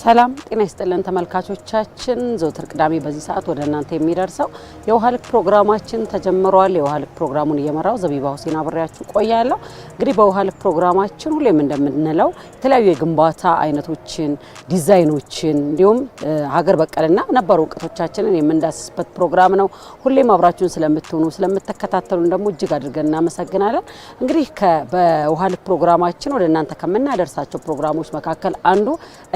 ሰላም ጤና ይስጥልን ተመልካቾቻችን፣ ዘወትር ቅዳሜ በዚህ ሰዓት ወደ እናንተ የሚደርሰው የውሃ ልክ ፕሮግራማችን ተጀምሯል። የውሃ ልክ ፕሮግራሙን እየመራው ዘቢባ ሁሴን አብሬያችሁ ቆያለሁ። እንግዲህ በውሃ ልክ ፕሮግራማችን ሁሌም እንደምንለው የተለያዩ የግንባታ አይነቶችን፣ ዲዛይኖችን እንዲሁም ሀገር በቀልና ነባሩ እውቀቶቻችንን የምንዳስስበት ፕሮግራም ነው። ሁሌም አብራችሁን ስለምትሆኑ ስለምትከታተሉን ደግሞ እጅግ አድርገን እናመሰግናለን። እንግዲህ በውሃ ልክ ፕሮግራማችን ወደ እናንተ ከምናደርሳቸው ፕሮግራሞች መካከል አንዱ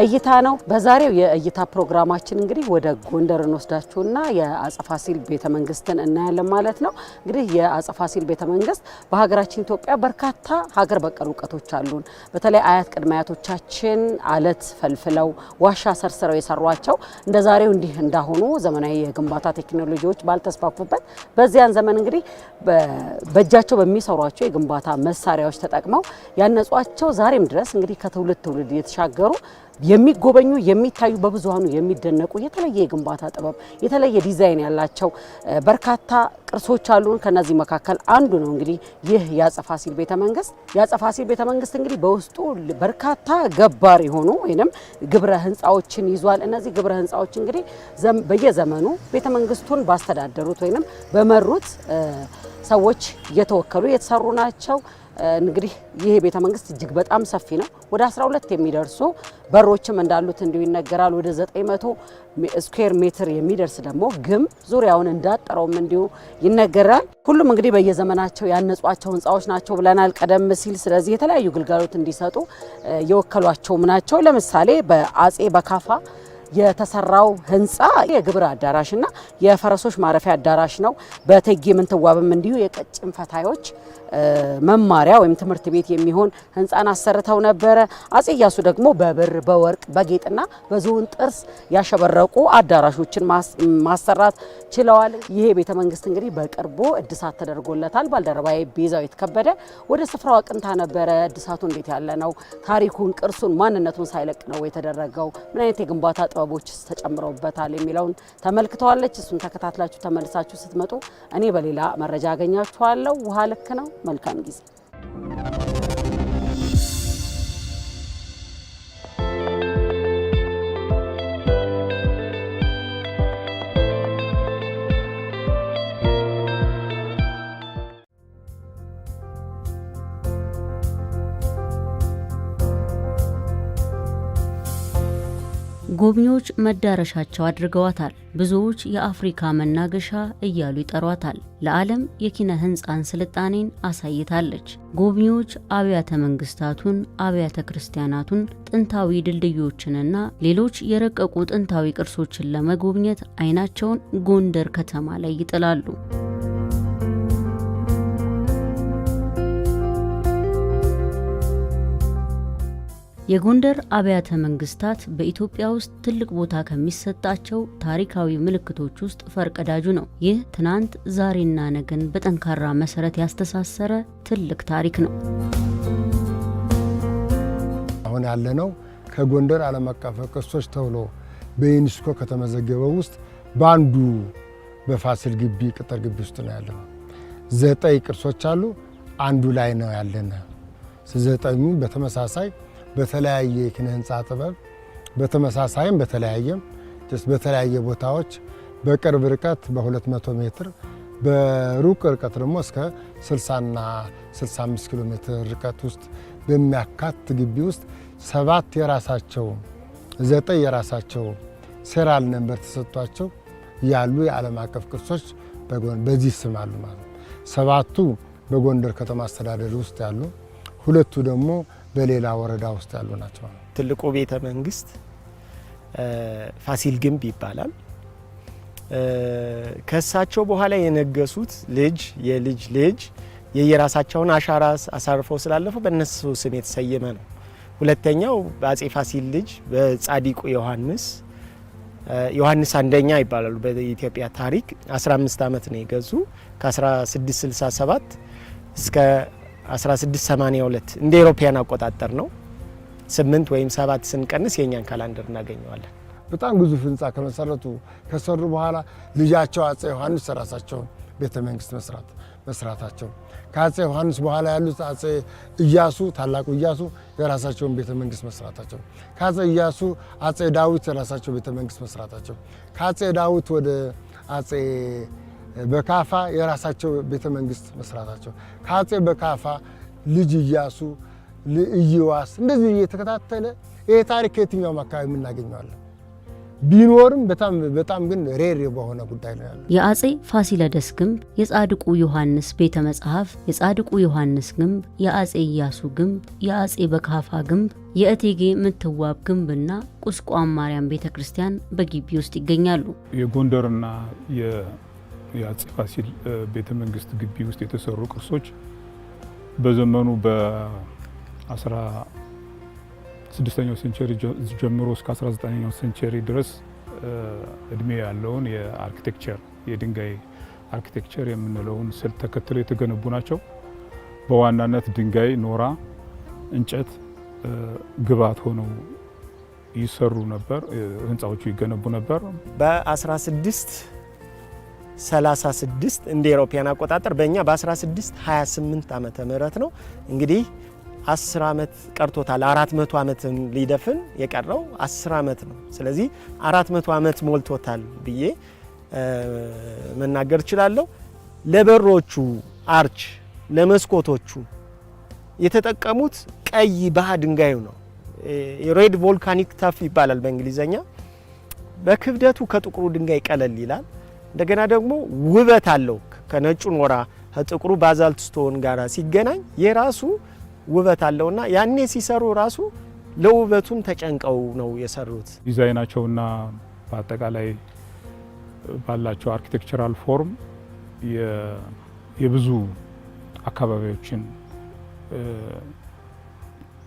እይታ ነው። ነው። በዛሬው የእይታ ፕሮግራማችን እንግዲህ ወደ ጎንደር እንወስዳችሁና የአፄ ፋሲል ቤተመንግስትን እናያለን ማለት ነው። እንግዲህ የአፄ ፋሲል ቤተመንግስት በሀገራችን ኢትዮጵያ በርካታ ሀገር በቀል እውቀቶች አሉን። በተለይ አያት ቅድመ አያቶቻችን አለት ፈልፍለው ዋሻ ሰርስረው የሰሯቸው እንደ ዛሬው እንዲህ እንዳሆኑ ዘመናዊ የግንባታ ቴክኖሎጂዎች ባልተስፋፉበት በዚያን ዘመን እንግዲህ በእጃቸው በሚሰሯቸው የግንባታ መሳሪያዎች ተጠቅመው ያነጿቸው ዛሬም ድረስ እንግዲህ ከትውልድ ትውልድ የተሻገሩ የሚጎበኙ የሚታዩ በብዙሃኑ የሚደነቁ የተለየ የግንባታ ጥበብ የተለየ ዲዛይን ያላቸው በርካታ ቅርሶች አሉን። ከነዚህ መካከል አንዱ ነው እንግዲህ ይህ የአፄ ፋሲል ቤተ መንግስት። የአፄ ፋሲል ቤተ መንግስት እንግዲህ በውስጡ በርካታ ገባር የሆኑ ወይም ግብረ ህንፃዎችን ይዟል። እነዚህ ግብረ ህንፃዎች እንግዲህ በየዘመኑ ቤተ መንግስቱን ባስተዳደሩት ወይም በመሩት ሰዎች እየተወከሉ የተሰሩ ናቸው። እንግዲህ ይህ ቤተ መንግስት እጅግ በጣም ሰፊ ነው። ወደ 12 የሚደርሱ በሮችም እንዳሉት እንዲሁ ይነገራል። ወደ 900 ስኩዌር ሜትር የሚደርስ ደግሞ ግንብ ዙሪያውን እንዳጠረውም እንዲሁ ይነገራል። ሁሉም እንግዲህ በየዘመናቸው ያነጿቸው ህንፃዎች ናቸው ብለናል ቀደም ሲል። ስለዚህ የተለያዩ ግልጋሎት እንዲሰጡ የወከሏቸውም ናቸው። ለምሳሌ በአጼ በካፋ የተሰራው ህንፃ የግብር አዳራሽና የፈረሶች ማረፊያ አዳራሽ ነው። በእቴጌ ምንትዋብም እንዲሁ የቀጭን ፈታዮች መማሪያ ወይም ትምህርት ቤት የሚሆን ህንፃን አሰርተው ነበረ። አጼ እያሱ ደግሞ በብር በወርቅ በጌጥና በዝሆን ጥርስ ያሸበረቁ አዳራሾችን ማሰራት ችለዋል። ይሄ ቤተ መንግስት እንግዲህ በቅርቡ እድሳት ተደርጎለታል። ባልደረባዬ ቤዛዊት ከበደ ወደ ስፍራው አቅንታ ነበረ። እድሳቱ እንዴት ያለ ነው? ታሪኩን፣ ቅርሱን፣ ማንነቱን ሳይለቅ ነው የተደረገው? ምን አይነት የግንባታ ጥበቦች ተጨምረውበታል የሚለውን ተመልክተዋለች። እሱን ተከታትላችሁ ተመልሳችሁ ስትመጡ እኔ በሌላ መረጃ አገኛችኋለሁ። ውሃ ልክ ነው። መልካም ጊዜ ጎብኚዎች መዳረሻቸው አድርገዋታል። ብዙዎች የአፍሪካ መናገሻ እያሉ ይጠሯታል። ለዓለም የኪነ ሕንፃን ስልጣኔን አሳይታለች። ጎብኚዎች አብያተ መንግስታቱን፣ አብያተ ክርስቲያናቱን፣ ጥንታዊ ድልድዮችንና ሌሎች የረቀቁ ጥንታዊ ቅርሶችን ለመጎብኘት አይናቸውን ጎንደር ከተማ ላይ ይጥላሉ። የጎንደር አብያተ መንግስታት በኢትዮጵያ ውስጥ ትልቅ ቦታ ከሚሰጣቸው ታሪካዊ ምልክቶች ውስጥ ፈርቀዳጁ ነው። ይህ ትናንት ዛሬና ነገን በጠንካራ መሰረት ያስተሳሰረ ትልቅ ታሪክ ነው። አሁን ያለነው ከጎንደር ዓለም አቀፍ ቅርሶች ተብሎ በዩኒስኮ ከተመዘገበው ውስጥ በአንዱ በፋሲል ግቢ ቅጥር ግቢ ውስጥ ነው ያለነው። ዘጠኝ ቅርሶች አሉ። አንዱ ላይ ነው ያለነ። ዘጠኙ በተመሳሳይ በተለያየ የኪነ ህንፃ ጥበብ በተመሳሳይም በተለያየም በተለያየ ቦታዎች በቅርብ ርቀት በ200 ሜትር በሩቅ ርቀት ደግሞ እስከ 60ና 65 ኪሎ ሜትር ርቀት ውስጥ በሚያካት ግቢ ውስጥ ሰባት የራሳቸው ዘጠኝ የራሳቸው ሴራል ነንበር ተሰጥቷቸው ያሉ የዓለም አቀፍ ቅርሶች በዚህ ስም አሉ ማለት ነው። ሰባቱ በጎንደር ከተማ አስተዳደር ውስጥ ያሉ ሁለቱ ደግሞ በሌላ ወረዳ ውስጥ ያሉ ናቸው። ትልቁ ቤተ መንግስት ፋሲል ግንብ ይባላል። ከእሳቸው በኋላ የነገሱት ልጅ የልጅ ልጅ የየራሳቸውን አሻራ አሳርፈው ስላለፉ በእነሱ ስም የተሰየመ ነው። ሁለተኛው በአጼ ፋሲል ልጅ በጻዲቁ ዮሐንስ ዮሐንስ አንደኛ ይባላሉ። በኢትዮጵያ ታሪክ 15 ዓመት ነው የገዙ ከ1667 እስከ 1682 እንደ ኤሮፓያን አቆጣጠር ነው። ስምንት ወይም ሰባት ስንቀንስ የእኛን ካላንደር እናገኘዋለን። በጣም ግዙፍ ህንፃ ከመሰረቱ ከሰሩ በኋላ ልጃቸው አጼ ዮሐንስ ራሳቸውን ቤተ መንግስት መስራት መስራታቸው ከአጼ ዮሐንስ በኋላ ያሉት አጼ እያሱ ታላቁ እያሱ የራሳቸውን ቤተ መንግስት መስራታቸው ከአፄ እያሱ አጼ ዳዊት የራሳቸው ቤተ መንግስት መስራታቸው ከአጼ ዳዊት ወደ አጼ በካፋ የራሳቸው ቤተ መንግስት መስራታቸው ከአፄ በካፋ ልጅ እያሱ ኢዮዋስ እንደዚህ እየተከታተለ ይሄ ታሪክ ከየትኛውም አካባቢ የምናገኘዋለን ቢኖርም በጣም በጣም ግን ሬር በሆነ ጉዳይ ነው ያለው። የአፄ ፋሲለደስ ግንብ፣ የጻድቁ ዮሐንስ ቤተ መጽሐፍ፣ የጻድቁ ዮሐንስ ግንብ፣ የአፄ እያሱ ግንብ፣ የአፄ በካፋ ግንብ፣ የእቴጌ ምትዋብ ግንብና ቁስቋም ማርያም ቤተ ክርስቲያን በግቢ ውስጥ ይገኛሉ። የጎንደርና የአፄ ፋሲል ቤተ መንግስት ግቢ ውስጥ የተሰሩ ቅርሶች በዘመኑ በ16ኛው ሴንቸሪ ጀምሮ እስከ 19ኛው ሴንቸሪ ድረስ እድሜ ያለውን የአርኪቴክቸር የድንጋይ አርኪቴክቸር የምንለውን ስልት ተከትለው የተገነቡ ናቸው። በዋናነት ድንጋይ፣ ኖራ፣ እንጨት ግብዓት ሆነው ይሰሩ ነበር፣ ህንፃዎቹ ይገነቡ ነበር በ16 36 እንደ ኤሮፒያን አቆጣጠር በእኛ በ1628 ዓመተ ምህረት ነው እንግዲህ 10 ዓመት ቀርቶታል። 400 ዓመትን ሊደፍን የቀረው 10 ዓመት ነው። ስለዚህ 400 ዓመት ሞልቶታል ብዬ መናገር እችላለሁ። ለበሮቹ አርች፣ ለመስኮቶቹ የተጠቀሙት ቀይ ባህ ድንጋዩ ነው። ሬድ ቮልካኒክ ተፍ ይባላል በእንግሊዘኛ። በክብደቱ ከጥቁሩ ድንጋይ ቀለል ይላል። እንደገና ደግሞ ውበት አለው። ከነጩ ኖራ ከጥቁሩ ባዛልት ስቶን ጋር ሲገናኝ የራሱ ውበት አለውና ያኔ ሲሰሩ ራሱ ለውበቱም ተጨንቀው ነው የሰሩት። ዲዛይናቸውና በአጠቃላይ ባላቸው አርኪቴክቸራል ፎርም የብዙ አካባቢዎችን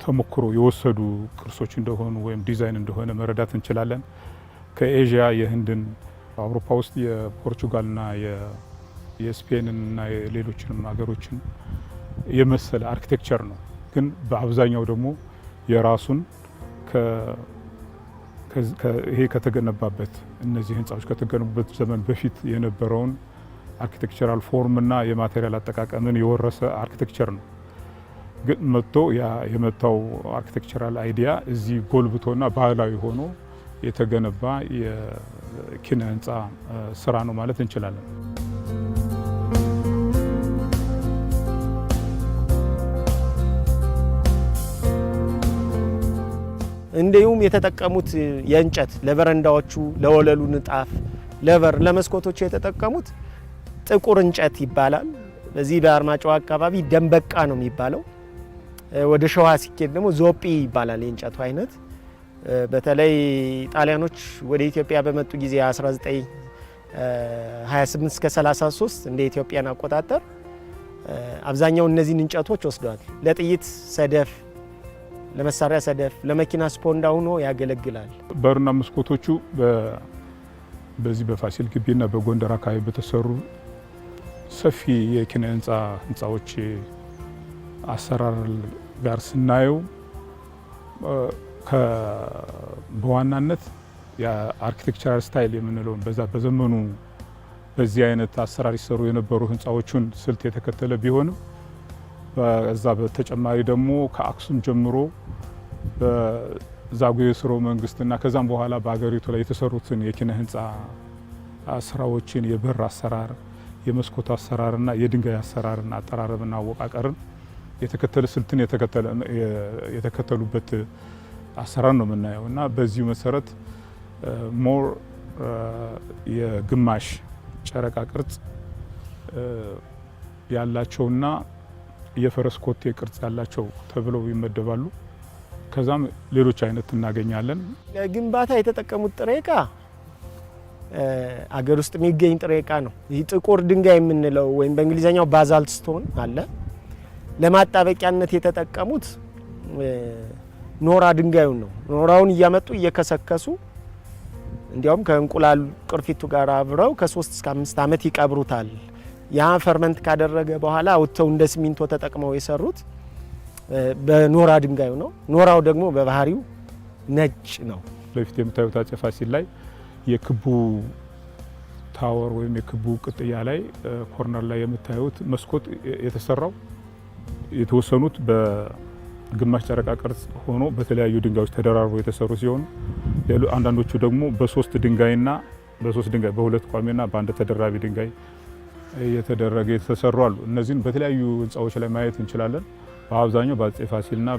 ተሞክሮ የወሰዱ ቅርሶች እንደሆኑ ወይም ዲዛይን እንደሆነ መረዳት እንችላለን። ከኤዥያ የህንድን አውሮፓ ውስጥ የፖርቹጋልና የስፔንና የሌሎችንም ሀገሮችን የመሰለ አርኪቴክቸር ነው። ግን በአብዛኛው ደግሞ የራሱን ይሄ ከተገነባበት እነዚህ ህንፃዎች ከተገነቡበት ዘመን በፊት የነበረውን አርኪቴክቸራል ፎርምና የማቴሪያል አጠቃቀምን የወረሰ አርኪቴክቸር ነው። ግን መጥቶ የመጣው አርኪቴክቸራል አይዲያ እዚህ ጎልብቶና ባህላዊ ሆኖ የተገነባ የኪነ ህንፃ ስራ ነው ማለት እንችላለን። እንዲሁም የተጠቀሙት የእንጨት ለበረንዳዎቹ፣ ለወለሉ ንጣፍ፣ ለበር፣ ለመስኮቶቹ የተጠቀሙት ጥቁር እንጨት ይባላል። በዚህ በአርማጭሆ አካባቢ ደንበቃ ነው የሚባለው። ወደ ሸዋ ሲኬድ ደግሞ ዞጲ ይባላል የእንጨቱ አይነት። በተለይ ጣሊያኖች ወደ ኢትዮጵያ በመጡ ጊዜ 28 እስከ 33 እንደ ኢትዮጵያን አቆጣጠር አብዛኛው እነዚህን እንጨቶች ወስደዋል። ለጥይት ሰደፍ፣ ለመሳሪያ ሰደፍ፣ ለመኪና ስፖንዳ ሆኖ ያገለግላል። በሩና መስኮቶቹ በዚህ በፋሲል ግቢና በጎንደር አካባቢ በተሰሩ ሰፊ የኪነ ህንፃ ህንፃዎች አሰራር ጋር ስናየው በዋናነት የአርኪቴክቸራል ስታይል የምንለውን በዛ በዘመኑ በዚህ አይነት አሰራር ይሰሩ የነበሩ ህንፃዎቹን ስልት የተከተለ ቢሆንም በዛ በተጨማሪ ደግሞ ከአክሱም ጀምሮ በዛጉዌ ስርወ መንግስትና ከዛም በኋላ በሀገሪቱ ላይ የተሰሩትን የኪነ ህንፃ ስራዎችን የበር አሰራር፣ የመስኮት አሰራርና የድንጋይ አሰራርና አጠራረብና አወቃቀርን የተከተለ ስልትን የተከተሉበት አሰራር ነው የምናየው እና በዚሁ መሰረት ሞር የግማሽ ጨረቃ ቅርጽ ያላቸውና የፈረስ ኮቴ ቅርጽ ያላቸው ተብለው ይመደባሉ። ከዛም ሌሎች አይነት እናገኛለን። ለግንባታ የተጠቀሙት ጥሬ እቃ አገር ውስጥ የሚገኝ ጥሬ እቃ ነው። ይህ ጥቁር ድንጋይ የምንለው ወይም በእንግሊዝኛው ባዛልት ስቶን አለ። ለማጣበቂያነት የተጠቀሙት ኖራ ድንጋዩን ነው ኖራውን እያመጡ እየከሰከሱ እንዲያውም ከእንቁላል ቅርፊቱ ጋር አብረው ከሶስት እስከ አምስት ዓመት ይቀብሩታል። ያ ፈርመንት ካደረገ በኋላ አውጥተው እንደ ሲሚንቶ ተጠቅመው የሰሩት በኖራ ድንጋዩ ነው። ኖራው ደግሞ በባህሪው ነጭ ነው። ለፊት የምታዩት አፄ ፋሲል ላይ የክቡ ታወር ወይም የክቡ ቅጥያ ላይ ኮርነር ላይ የምታዩት መስኮት የተሰራው የተወሰኑት ግማሽ ጨረቃ ቅርጽ ሆኖ በተለያዩ ድንጋዮች ተደራርበው የተሰሩ ሲሆኑ አንዳንዶቹ ደግሞ በሶስት ድንጋይና በሶስት ድንጋይ በሁለት ቋሚና በአንድ ተደራቢ ድንጋይ እየተደረገ የተሰሩ አሉ። እነዚህን በተለያዩ ህንፃዎች ላይ ማየት እንችላለን። በአብዛኛው በአጼ ፋሲልና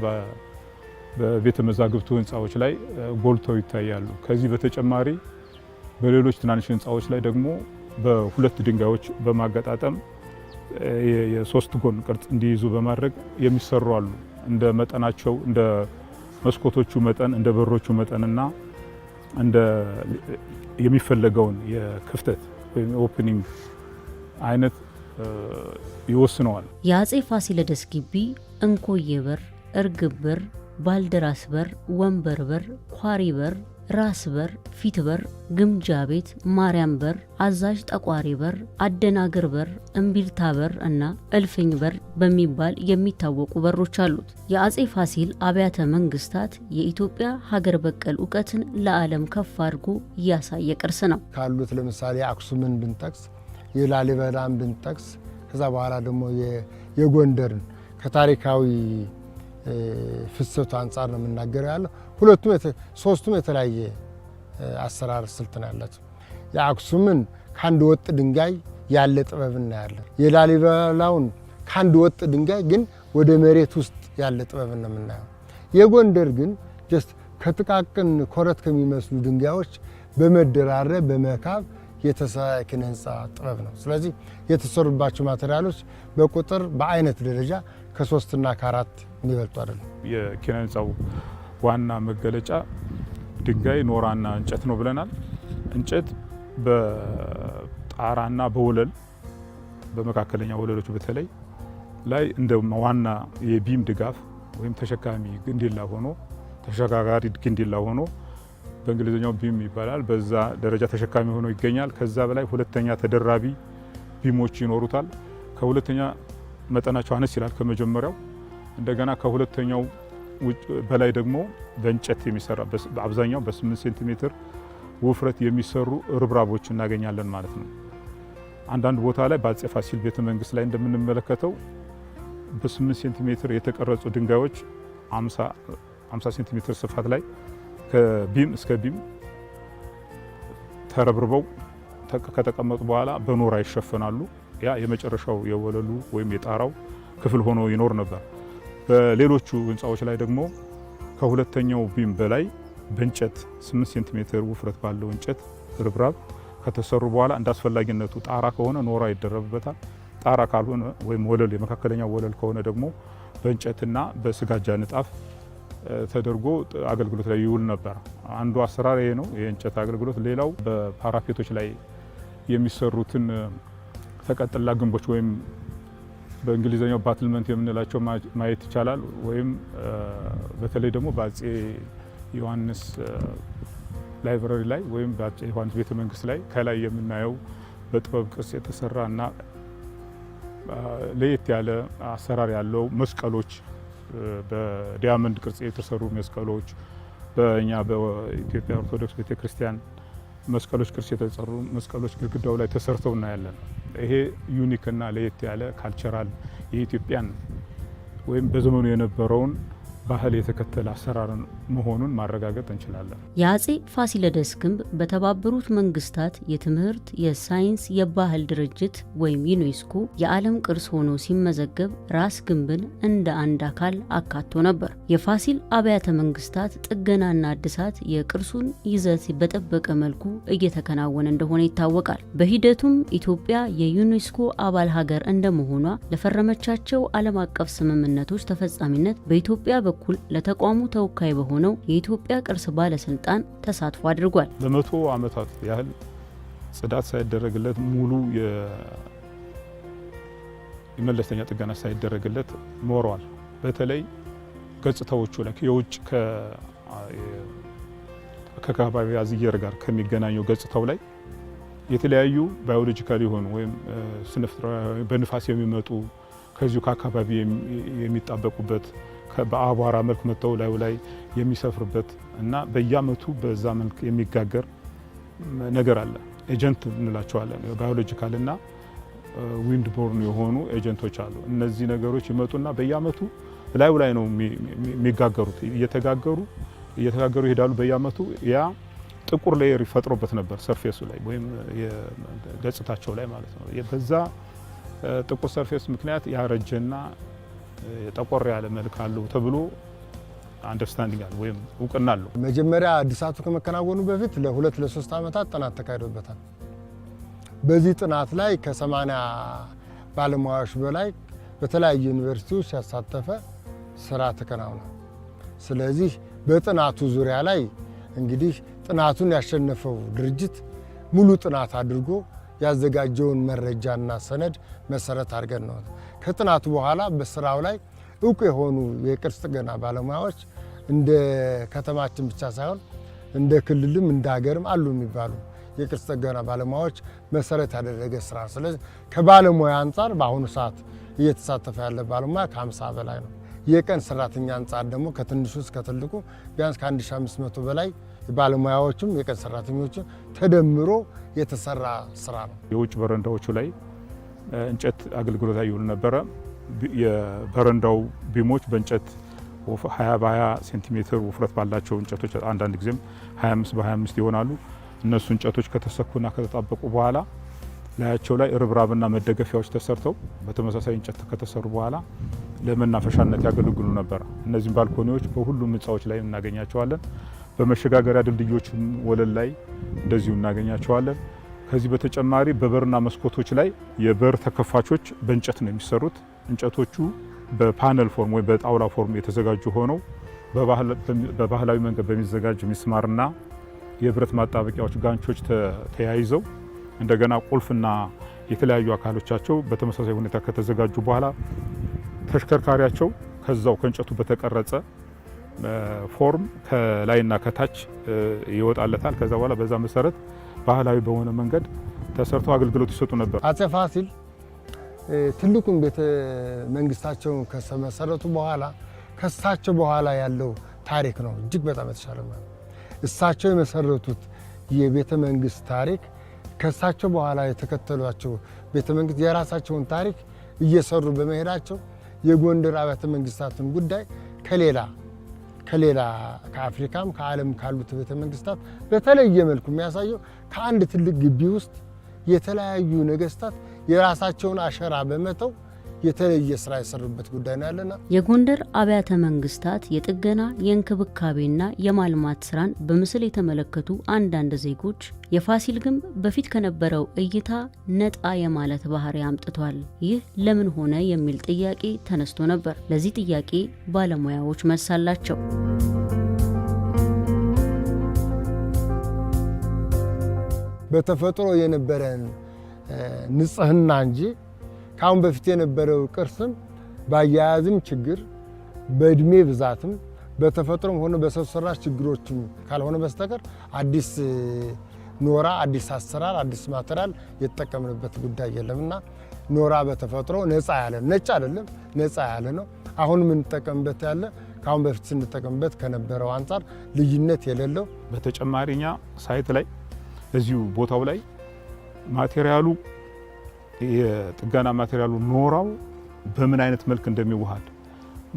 በቤተ መዛግብቱ ህንፃዎች ላይ ጎልተው ይታያሉ። ከዚህ በተጨማሪ በሌሎች ትናንሽ ህንፃዎች ላይ ደግሞ በሁለት ድንጋዮች በማገጣጠም የሶስት ጎን ቅርጽ እንዲይዙ በማድረግ የሚሰሩ አሉ። እንደ መጠናቸው እንደ መስኮቶቹ መጠን እንደ በሮቹ መጠንና እንደ የሚፈለገውን የክፍተት ወይም ኦፕኒንግ አይነት ይወስነዋል። የአጼ ፋሲለደስ ግቢ እንኮዬ በር፣ እርግብ በር፣ ባልደራስ በር፣ ወንበር በር፣ ኳሪ በር ራስ በር፣ ፊት በር፣ ግምጃ ቤት፣ ማርያም በር፣ አዛዥ ጠቋሪ በር፣ አደናግር በር፣ እምቢልታ በር እና እልፍኝ በር በሚባል የሚታወቁ በሮች አሉት። የአጼ ፋሲል አብያተ መንግስታት የኢትዮጵያ ሀገር በቀል እውቀትን ለዓለም ከፍ አድርጎ እያሳየ ቅርስ ነው ካሉት ለምሳሌ አክሱምን ብንጠቅስ የላሊበላን ብንጠቅስ ከዛ በኋላ ደግሞ የጎንደርን ከታሪካዊ ፍሰቱ አንጻር ነው የምናገረው ያለው ሁለቱም ሶስቱም የተለያየ አሰራር ስልት ነው ያላቸው። የአክሱምን ከአንድ ወጥ ድንጋይ ያለ ጥበብ እናያለን። የላሊበላውን ከአንድ ወጥ ድንጋይ ግን ወደ መሬት ውስጥ ያለ ጥበብ ነው የምናየው። የጎንደር ግን ጀስት ከጥቃቅን ኮረት ከሚመስሉ ድንጋዮች በመደራረብ በመካብ የተሰራ የኪነ ህንፃ ጥበብ ነው። ስለዚህ የተሰሩባቸው ማቴሪያሎች በቁጥር በአይነት ደረጃ ከሶስትና ከአራት የሚበልጡ አይደለም። የኪነ ህንፃው ዋና መገለጫ ድንጋይ ኖራና እንጨት ነው ብለናል። እንጨት በጣራና በወለል በመካከለኛ ወለሎች በተለይ ላይ እንደ ዋና የቢም ድጋፍ ወይም ተሸካሚ ግንዲላ ሆኖ ተሸጋጋሪ ግንዲላ ሆኖ በእንግሊዝኛው ቢም ይባላል። በዛ ደረጃ ተሸካሚ ሆኖ ይገኛል። ከዛ በላይ ሁለተኛ ተደራቢ ቢሞች ይኖሩታል። ከሁለተኛ መጠናቸው አነስ ይላል ከመጀመሪያው። እንደገና ከሁለተኛው በላይ ደግሞ በእንጨት የሚሰራ በአብዛኛው በ8 ሴንቲሜትር ውፍረት የሚሰሩ ርብራቦች እናገኛለን ማለት ነው። አንዳንድ ቦታ ላይ በአፄ ፋሲል ቤተ መንግስት ላይ እንደምንመለከተው በ8 ሴንቲሜትር የተቀረጹ ድንጋዮች 50 ሴንቲሜትር ስፋት ላይ ከቢም እስከ ቢም ተረብርበው ከተቀመጡ በኋላ በኖራ ይሸፈናሉ። ያ የመጨረሻው የወለሉ ወይም የጣራው ክፍል ሆኖ ይኖር ነበር። በሌሎቹ ህንፃዎች ላይ ደግሞ ከሁለተኛው ቢም በላይ በእንጨት 8 ሴንቲሜትር ውፍረት ባለው እንጨት ርብራብ ከተሰሩ በኋላ እንደ አስፈላጊነቱ ጣራ ከሆነ ኖራ ይደረብበታል። ጣራ ካልሆነ ወይም ወለል የመካከለኛ ወለል ከሆነ ደግሞ በእንጨትና በስጋጃ ንጣፍ ተደርጎ አገልግሎት ላይ ይውል ነበር። አንዱ አሰራር ይሄ ነው፣ የእንጨት አገልግሎት። ሌላው በፓራፌቶች ላይ የሚሰሩትን ተቀጥላ ግንቦች ወይም በእንግሊዝኛው ባትልመንት የምንላቸው ማየት ይቻላል። ወይም በተለይ ደግሞ በአፄ ዮሐንስ ላይብረሪ ላይ ወይም በአፄ ዮሐንስ ቤተ መንግስት ላይ ከላይ የምናየው በጥበብ ቅርጽ የተሰራ እና ለየት ያለ አሰራር ያለው መስቀሎች፣ በዲያመንድ ቅርጽ የተሰሩ መስቀሎች በእኛ በኢትዮጵያ ኦርቶዶክስ ቤተክርስቲያን መስቀሎች ቅርስ የተሰሩ መስቀሎች ግድግዳው ላይ ተሰርተው እናያለን። ይሄ ዩኒክ እና ለየት ያለ ካልቸራል የኢትዮጵያን ወይም በዘመኑ የነበረውን ባህል የተከተለ አሰራር መሆኑን ማረጋገጥ እንችላለን። የአጼ ፋሲለደስ ግንብ በተባበሩት መንግስታት የትምህርት፣ የሳይንስ፣ የባህል ድርጅት ወይም ዩኔስኮ የዓለም ቅርስ ሆኖ ሲመዘገብ ራስ ግንብን እንደ አንድ አካል አካቶ ነበር። የፋሲል አብያተ መንግስታት ጥገናና እድሳት የቅርሱን ይዘት በጠበቀ መልኩ እየተከናወነ እንደሆነ ይታወቃል። በሂደቱም ኢትዮጵያ የዩኔስኮ አባል ሀገር እንደመሆኗ ለፈረመቻቸው ዓለም አቀፍ ስምምነቶች ተፈጻሚነት በኢትዮጵያ በ በኩል ለተቋሙ ተወካይ በሆነው የኢትዮጵያ ቅርስ ባለስልጣን ተሳትፎ አድርጓል። በመቶ ዓመታት ያህል ጽዳት ሳይደረግለት ሙሉ የመለስተኛ ጥገና ሳይደረግለት ኖረዋል። በተለይ ገጽታዎቹ ላይ የውጭ ከከባቢ አየር ጋር ከሚገናኘው ገጽታው ላይ የተለያዩ ባዮሎጂካል የሆኑ ወይም ስነፍጥረዊ በንፋስ የሚመጡ ከዚሁ ከአካባቢ የሚጣበቁበት በአቧራ መልክ መጥተው ላዩ ላይ የሚሰፍርበት እና በየአመቱ በዛ መልክ የሚጋገር ነገር አለ። ኤጀንት እንላቸዋለን። ባዮሎጂካል እና ዊንድ ቦርን የሆኑ ኤጀንቶች አሉ። እነዚህ ነገሮች ይመጡና በየአመቱ ላዩ ላይ ነው የሚጋገሩት። እየተጋገሩ እየተጋገሩ ይሄዳሉ። በየአመቱ ያ ጥቁር ሌየር ይፈጥሮበት ነበር ሰርፌሱ ላይ ወይም ገጽታቸው ላይ ማለት ነው። በዛ ጥቁር ሰርፌስ ምክንያት ያረጀና ጠቆር ያለ መልክ አለው ተብሎ አንደርስታንዲንግ አለ ወይም እውቅና አለው። መጀመሪያ እድሳቱ ከመከናወኑ በፊት ለሁለት ለሶስት ዓመታት ጥናት ተካሂዶበታል። በዚህ ጥናት ላይ ከሰማንያ ባለሙያዎች በላይ በተለያዩ ዩኒቨርሲቲዎች ያሳተፈ ስራ ተከናውኗል። ስለዚህ በጥናቱ ዙሪያ ላይ እንግዲህ ጥናቱን ያሸነፈው ድርጅት ሙሉ ጥናት አድርጎ ያዘጋጀውን መረጃና ሰነድ መሰረት አድርገን ነው። ከጥናቱ በኋላ በስራው ላይ እውቅ የሆኑ የቅርስ ጥገና ባለሙያዎች እንደ ከተማችን ብቻ ሳይሆን እንደ ክልልም እንደ ሀገርም አሉ የሚባሉ የቅርስ ጥገና ባለሙያዎች መሰረት ያደረገ ስራ። ስለዚህ ከባለሙያ አንጻር በአሁኑ ሰዓት እየተሳተፈ ያለ ባለሙያ ከ5ሳ በላይ ነው። የቀን ሰራተኛ አንጻር ደግሞ ከትንሹ እስከ ትልቁ ቢያንስ ከ1500 በላይ ባለሙያዎችም የቀን ሰራተኞችም ተደምሮ የተሰራ ስራ ነው። የውጭ በረንዳዎቹ ላይ እንጨት አገልግሎት ይውሉ ነበረ። የበረንዳው ቢሞች በእንጨት 20 በ20 ሴንቲሜትር ውፍረት ባላቸው እንጨቶች አንዳንድ ጊዜም 25 በ25 ይሆናሉ። እነሱ እንጨቶች ከተሰኩና ከተጣበቁ በኋላ ላያቸው ላይ ርብራብና መደገፊያዎች ተሰርተው በተመሳሳይ እንጨት ከተሰሩ በኋላ ለመናፈሻነት ያገለግሉ ነበር። እነዚህም ባልኮኒዎች በሁሉም ህንፃዎች ላይ እናገኛቸዋለን። በመሸጋገሪያ ድልድዮችም ወለል ላይ እንደዚሁ እናገኛቸዋለን። ከዚህ በተጨማሪ በበርና መስኮቶች ላይ የበር ተከፋቾች በእንጨት ነው የሚሰሩት። እንጨቶቹ በፓነል ፎርም ወይም በጣውላ ፎርም የተዘጋጁ ሆነው በባህላዊ መንገድ በሚዘጋጅ ሚስማርና የብረት ማጣበቂያዎች ጋንቾች ተያይዘው እንደገና ቁልፍና የተለያዩ አካሎቻቸው በተመሳሳይ ሁኔታ ከተዘጋጁ በኋላ ተሽከርካሪያቸው ከዛው ከእንጨቱ በተቀረጸ ፎርም ከላይና ከታች ይወጣለታል። ከዛ በኋላ በዛ መሰረት ባህላዊ በሆነ መንገድ ተሰርተው አገልግሎት ይሰጡ ነበር። አፄ ፋሲል ትልቁን ቤተ መንግስታቸውን ከመሰረቱ በኋላ ከሳቸው በኋላ ያለው ታሪክ ነው እጅግ በጣም የተሻለ ማለት እሳቸው የመሰረቱት የቤተ መንግስት ታሪክ ከእሳቸው በኋላ የተከተሏቸው ቤተ መንግስት የራሳቸውን ታሪክ እየሰሩ በመሄዳቸው የጎንደር አብያተ መንግስታትን ጉዳይ ከሌላ ከሌላ ከአፍሪካም ከዓለም ካሉት ቤተ መንግስታት በተለየ መልኩ የሚያሳየው ከአንድ ትልቅ ግቢ ውስጥ የተለያዩ ነገስታት የራሳቸውን አሸራ በመተው የተለየ ስራ የሰሩበት ጉዳይ ነው ያለና የጎንደር አብያተ መንግስታት የጥገና የእንክብካቤና የማልማት ስራን በምስል የተመለከቱ አንዳንድ ዜጎች የፋሲል ግንብ በፊት ከነበረው እይታ ነጣ የማለት ባህሪ አምጥቷል። ይህ ለምን ሆነ የሚል ጥያቄ ተነስቶ ነበር። ለዚህ ጥያቄ ባለሙያዎች መልስ አላቸው። በተፈጥሮ የነበረን ንጽህና እንጂ ከአሁን በፊት የነበረው ቅርስም በአያያዝም ችግር፣ በእድሜ ብዛትም በተፈጥሮም ሆነ በሰው ሰራሽ ችግሮችም ካልሆነ በስተቀር አዲስ ኖራ፣ አዲስ አሰራር፣ አዲስ ማቴሪያል የተጠቀምንበት ጉዳይ የለምና ኖራ በተፈጥሮ ነፃ ያለ ነጭ አይደለም፣ ነፃ ያለ ነው። አሁን የምንጠቀምበት ያለ ከአሁን በፊት ስንጠቀምበት ከነበረው አንጻር ልዩነት የሌለው በተጨማሪኛ ሳይት ላይ እዚሁ ቦታው ላይ ማቴሪያሉ የጥገና ማቴሪያሉ ኖራው በምን አይነት መልክ እንደሚዋሃድ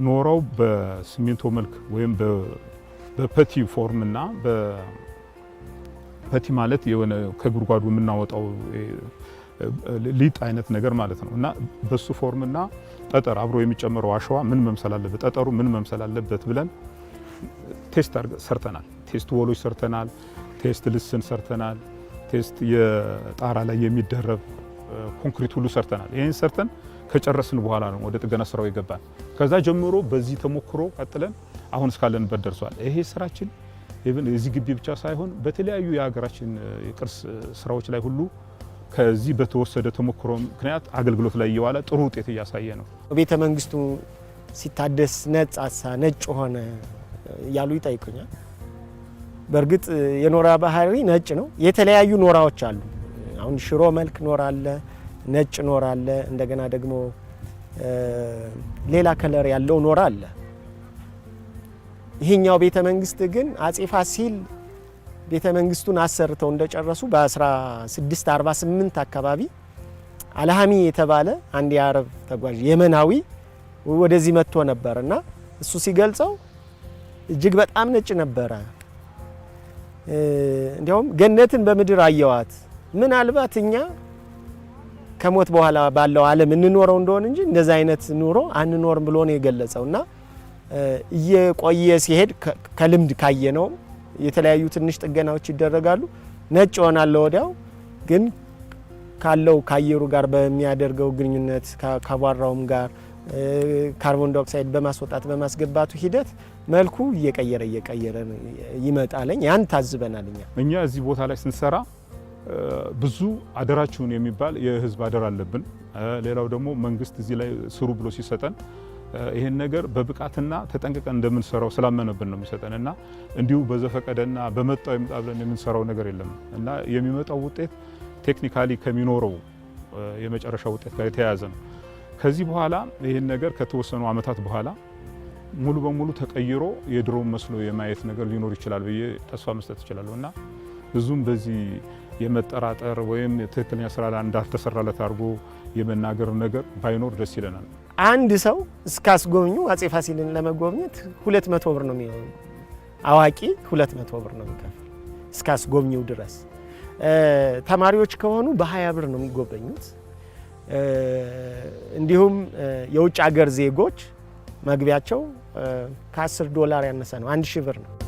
ኖራው በሲሚንቶ መልክ ወይም በፐቲ ፎርም እና በፐቲ ማለት የሆነ ከጉድጓዱ የምናወጣው ሊጥ አይነት ነገር ማለት ነው እና በሱ ፎርም እና ጠጠር አብሮ የሚጨመረው አሸዋ ምን መምሰል አለበት፣ ጠጠሩ ምን መምሰል አለበት ብለን ቴስት ሰርተናል። ቴስት ወሎች ሰርተናል። ቴስት ልስን ሰርተናል። ቴስት የጣራ ላይ የሚደረብ ኮንክሪት ሁሉ ሰርተናል። ይህን ሰርተን ከጨረስን በኋላ ነው ወደ ጥገና ስራው የገባን። ከዛ ጀምሮ በዚህ ተሞክሮ ቀጥለን አሁን እስካለንበት ደርሷል። ይሄ ስራችን የዚህ ግቢ ብቻ ሳይሆን በተለያዩ የሀገራችን የቅርስ ስራዎች ላይ ሁሉ ከዚህ በተወሰደ ተሞክሮ ምክንያት አገልግሎት ላይ እየዋለ ጥሩ ውጤት እያሳየ ነው። ቤተ መንግስቱ ሲታደስ ነጻሳ ነጭ ሆነ ያሉ ይጠይቁኛል። በእርግጥ የኖራ ባህሪ ነጭ ነው። የተለያዩ ኖራዎች አሉ። አሁን ሽሮ መልክ ኖር አለ፣ ነጭ ኖር አለ፣ እንደገና ደግሞ ሌላ ከለር ያለው ኖር አለ። ይሄኛው ቤተ መንግስት ግን አጼ ፋሲል ቤተ መንግስቱን አሰርተው እንደጨረሱ በ1648 አካባቢ አልሃሚ የተባለ አንድ የአረብ ተጓዥ የመናዊ ወደዚህ መጥቶ ነበር እና እሱ ሲገልጸው እጅግ በጣም ነጭ ነበረ። እንዲያውም ገነትን በምድር አየዋት ምናልባት እኛ ከሞት በኋላ ባለው ዓለም እንኖረው እንደሆን እንጂ እንደዚህ አይነት ኑሮ አንኖርም ብሎ ነው የገለጸው እና እየቆየ ሲሄድ ከልምድ ካየ ነው የተለያዩ ትንሽ ጥገናዎች ይደረጋሉ። ነጭ ይሆናል ወዲያው። ግን ካለው ከአየሩ ጋር በሚያደርገው ግንኙነት ከቧራውም ጋር ካርቦን ዳይኦክሳይድ በማስወጣት በማስገባቱ ሂደት መልኩ እየቀየረ እየቀየረ ይመጣለኝ። ያን ታዝበናል እኛ እኛ እዚህ ቦታ ላይ ስንሰራ ብዙ አደራችሁን የሚባል የህዝብ አደራ አለብን። ሌላው ደግሞ መንግስት እዚህ ላይ ስሩ ብሎ ሲሰጠን ይህን ነገር በብቃትና ተጠንቅቀን እንደምንሰራው ስላመነብን ነው የሚሰጠን እና እንዲሁ በዘፈቀደና በመጣው ይምጣ ብለን የምንሰራው ነገር የለም እና የሚመጣው ውጤት ቴክኒካሊ ከሚኖረው የመጨረሻ ውጤት ጋር የተያያዘ ነው። ከዚህ በኋላ ይህን ነገር ከተወሰኑ ዓመታት በኋላ ሙሉ በሙሉ ተቀይሮ የድሮ መስሎ የማየት ነገር ሊኖር ይችላል ብዬ ተስፋ መስጠት ይችላለሁ እና ብዙም በዚህ የመጠራጠር ወይም ትክክለኛ ስራ ላይ እንዳልተሰራለት አድርጎ የመናገር ነገር ባይኖር ደስ ይለናል። አንድ ሰው እስካስጎብኙ አጼ ፋሲልን ለመጎብኘት ሁለት መቶ ብር ነው የሚሆኑ አዋቂ ሁለት መቶ ብር ነው የሚከፍል እስካስጎብኚው ድረስ። ተማሪዎች ከሆኑ በሀያ ብር ነው የሚጎበኙት። እንዲሁም የውጭ ሀገር ዜጎች መግቢያቸው ከአስር ዶላር ያነሰ ነው፣ አንድ ሺህ ብር ነው።